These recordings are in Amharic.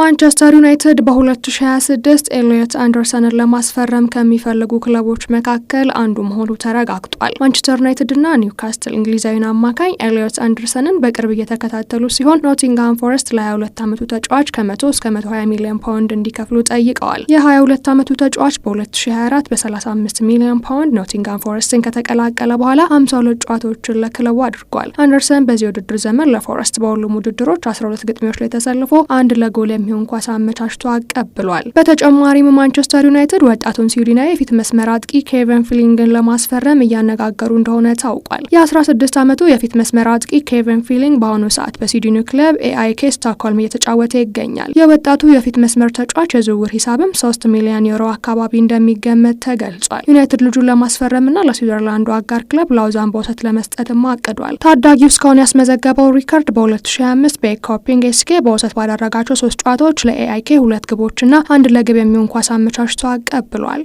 ማንቸስተር ዩናይትድ በ2026 ኤልዮት አንደርሰንን ለማስፈረም ከሚፈልጉ ክለቦች መካከል አንዱ መሆኑ ተረጋግጧል። ማንቸስተር ዩናይትድና ኒውካስትል እንግሊዛዊን አማካኝ ኤሊዮት አንደርሰንን በቅርብ እየተከታተሉ ሲሆን ኖቲንግሃም ፎረስት ለ22 ዓመቱ ተጫዋች ከ100 እስከ 120 ሚሊዮን ፓውንድ እንዲከፍሉ ጠይቀዋል። የ22 ዓመቱ ተጫዋች በ2024 በ35 ሚሊዮን ፓውንድ ኖቲንግሃም ፎረስትን ከተቀላቀለ በኋላ 52 ጨዋታዎችን ለክለቡ አድርጓል። አንደርሰን በዚህ ውድድር ዘመን ለፎረስት በሁሉም ውድድሮች 12 ግጥሚያዎች ላይ ተሰልፎ አንድ ለጎል የሚሆን ኳስ አመቻችቶ አቀብሏል። በተጨማሪም ማንቸስተር ዩናይትድ ወጣቱን ስዊድናዊ የፊት መስመር አጥቂ ኬቨን ፊሊንግን ለማስፈረም እያነጋገሩ እንደሆነ ታውቋል። የ16 ዓመቱ የፊት መስመር አጥቂ ኬቨን ፊሊንግ በአሁኑ ሰዓት በሲዲኒ ክለብ ኤአይኬ ስታኮልም እየተጫወተ ይገኛል። የወጣቱ የፊት መስመር ተጫዋች የዝውውር ሂሳብም 3 ሚሊዮን ዩሮ አካባቢ እንደሚገመት ተገልጿል። ዩናይትድ ልጁን ለማስፈረምና ለስዊዘርላንዱ አጋር ክለብ ላውዛን በውሰት ለመስጠትም አቅዷል። ታዳጊው እስካሁን ያስመዘገበው ሪካርድ በ2025 በኮፒንግ ኤስኬ በውሰት ባደረጋቸው ሶስት ጨዋታ ቅጣቶች ለኤአይኬ ሁለት ግቦችና አንድ ለግብ የሚሆን ኳስ አመቻችቶ አቀብሏል።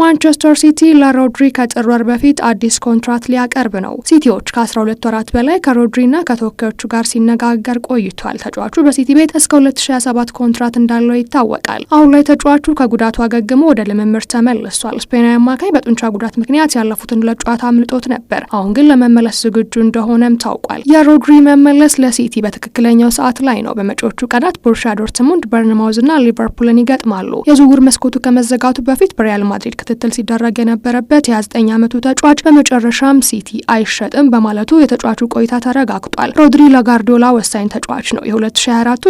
ማንቸስተር ሲቲ ለሮድሪ ከጥር ወር በፊት አዲስ ኮንትራት ሊያቀርብ ነው። ሲቲዎች ከ12 ወራት በላይ ከሮድሪና ከተወካዮቹ ጋር ሲነጋገር ቆይቷል። ተጫዋቹ በሲቲ ቤት እስከ 2027 ኮንትራት እንዳለው ይታወቃል። አሁን ላይ ተጫዋቹ ከጉዳቱ አገግሞ ወደ ልምምድ ተመልሷል። ስፔናዊ አማካይ በጡንቻ ጉዳት ምክንያት ያለፉትን ሁለት ጨዋታ አምልጦት ነበር። አሁን ግን ለመመለስ ዝግጁ እንደሆነም ታውቋል። የሮድሪ መመለስ ለሲቲ በትክክለኛው ሰዓት ላይ ነው። በመጪዎቹ ቀናት ቦርሻ ዶርትሙንድ፣ ና ሊቨርፑልን ይገጥማሉ። የዝውውር መስኮቱ ከመዘጋቱ በፊት በሪያል ማድሪድ ክትትል ሲደረግ የነበረበት የ 9 ዓመቱ ተጫዋች በመጨረሻም ሲቲ አይሸጥም በማለቱ የተጫዋቹ ቆይታ ተረጋግጧል። ሮድሪ ለጋርዲዮላ ወሳኝ ተጫዋች ነው። የ2024ቱ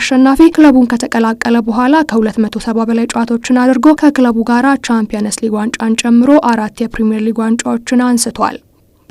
አሸናፊ ክለቡን ከተቀላቀለ በኋላ ከ270 በላይ ጨዋታዎችን አድርጎ ከክለቡ ጋራ ቻምፒየንስ ሊግ ዋንጫን ጨምሮ አራት የፕሪምየር ሊግ ዋንጫዎችን አንስቷል።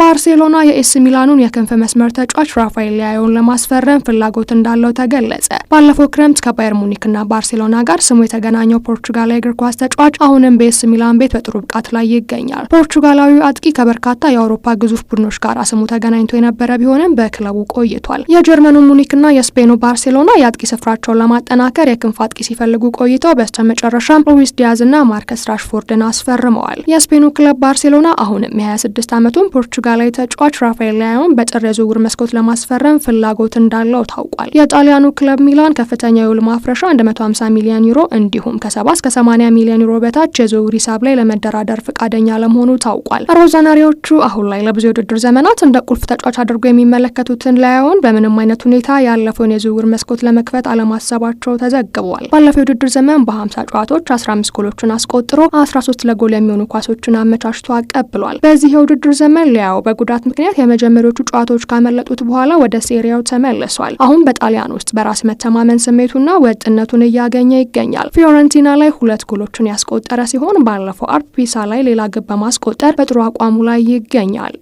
ባርሴሎና የኤስ ሚላኑን የክንፍ መስመር ተጫዋች ራፋኤል ሊያዮን ለማስፈረም ፍላጎት እንዳለው ተገለጸ። ባለፈው ክረምት ከባየር ሙኒክና ባርሴሎና ጋር ስሙ የተገናኘው ፖርቹጋላዊ እግር ኳስ ተጫዋች አሁንም በኤስ ሚላን ቤት በጥሩ ብቃት ላይ ይገኛል። ፖርቹጋላዊ አጥቂ ከበርካታ የአውሮፓ ግዙፍ ቡድኖች ጋር ስሙ ተገናኝቶ የነበረ ቢሆንም በክለቡ ቆይቷል። የጀርመኑ ሙኒክና የስፔኑ ባርሴሎና የአጥቂ ስፍራቸውን ለማጠናከር የክንፍ አጥቂ ሲፈልጉ ቆይተው በስተ መጨረሻም ሉዊስ ዲያዝና ማርከስ ራሽፎርድን አስፈርመዋል። የስፔኑ ክለብ ባርሴሎና አሁንም የ26 ዓመቱን ፖርቹ ላይ ተጫዋች ራፋኤል ላያውን በጥር የዝውውር መስኮት ለማስፈረም ፍላጎት እንዳለው ታውቋል። የጣሊያኑ ክለብ ሚላን ከፍተኛ የውል ማፍረሻ 150 ሚሊዮን ዩሮ እንዲሁም ከ70 እስከ 80 ሚሊዮን ዩሮ በታች የዝውውር ሂሳብ ላይ ለመደራደር ፈቃደኛ ለመሆኑ ታውቋል። ሮዛናሪዎቹ አሁን ላይ ለብዙ የውድድር ዘመናት እንደ ቁልፍ ተጫዋች አድርጎ የሚመለከቱትን ላያውን በምንም አይነት ሁኔታ ያለፈውን የዝውውር መስኮት ለመክፈት አለማሰባቸው ተዘግበዋል። ባለፈው የውድድር ዘመን በ50 ጨዋታዎች 15 ጎሎችን አስቆጥሮ 13 ለጎል የሚሆኑ ኳሶችን አመቻችቶ አቀብሏል። በዚህ የውድድር ዘመን ሊያ ሴሪያው በጉዳት ምክንያት የመጀመሪያዎቹ ጨዋታዎች ካመለጡት በኋላ ወደ ሴሪያው ተመልሷል። አሁን በጣሊያን ውስጥ በራስ መተማመን ስሜቱና ወጥነቱን እያገኘ ይገኛል። ፊዮረንቲና ላይ ሁለት ጎሎችን ያስቆጠረ ሲሆን ባለፈው አርብ ፒሳ ላይ ሌላ ግብ በማስቆጠር በጥሩ አቋሙ ላይ ይገኛል።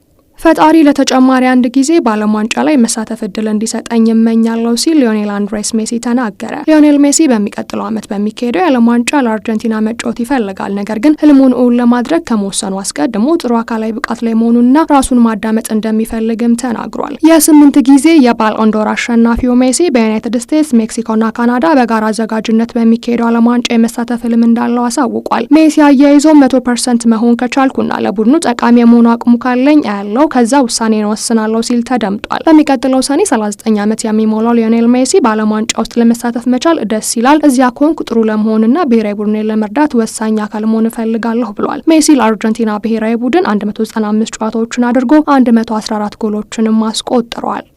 ፈጣሪ ለተጨማሪ አንድ ጊዜ በዓለም ዋንጫ ላይ መሳተፍ እድል እንዲሰጠኝ ይመኛለው ሲል ሊዮኔል አንድሬስ ሜሲ ተናገረ። ሊዮኔል ሜሲ በሚቀጥለው ዓመት በሚካሄደው የዓለም ዋንጫ ለአርጀንቲና መጫወት ይፈልጋል። ነገር ግን ህልሙን እውን ለማድረግ ከመወሰኑ አስቀድሞ ጥሩ አካላዊ ብቃት ላይ መሆኑንና ራሱን ማዳመጥ እንደሚፈልግም ተናግሯል። የስምንት ጊዜ የባልኦንዶር አሸናፊው ሜሲ በዩናይትድ ስቴትስ፣ ሜክሲኮና ካናዳ በጋራ አዘጋጅነት በሚካሄደው ዓለም ዋንጫ የመሳተፍ ህልም እንዳለው አሳውቋል። ሜሲ አያይዞ መቶ ፐርሰንት መሆን ከቻልኩና ለቡድኑ ጠቃሚ የመሆኑ አቅሙ ካለኝ አያለው ከዛ ውሳኔን ወስናለሁ ሲል ተደምጧል። በሚቀጥለው ሰኔ 39 ዓመት የሚሞላው ሊዮኔል ሜሲ በዓለም ዋንጫ ውስጥ ለመሳተፍ መቻል ደስ ይላል። እዚያ ከሆንኩ ጥሩ ለመሆንና ብሔራዊ ቡድኔን ለመርዳት ወሳኝ አካል መሆን እፈልጋለሁ ብሏል። ሜሲ ለአርጀንቲና ብሔራዊ ቡድን 195 ጨዋታዎችን አድርጎ 114 ጎሎችንም አስቆጥሯል።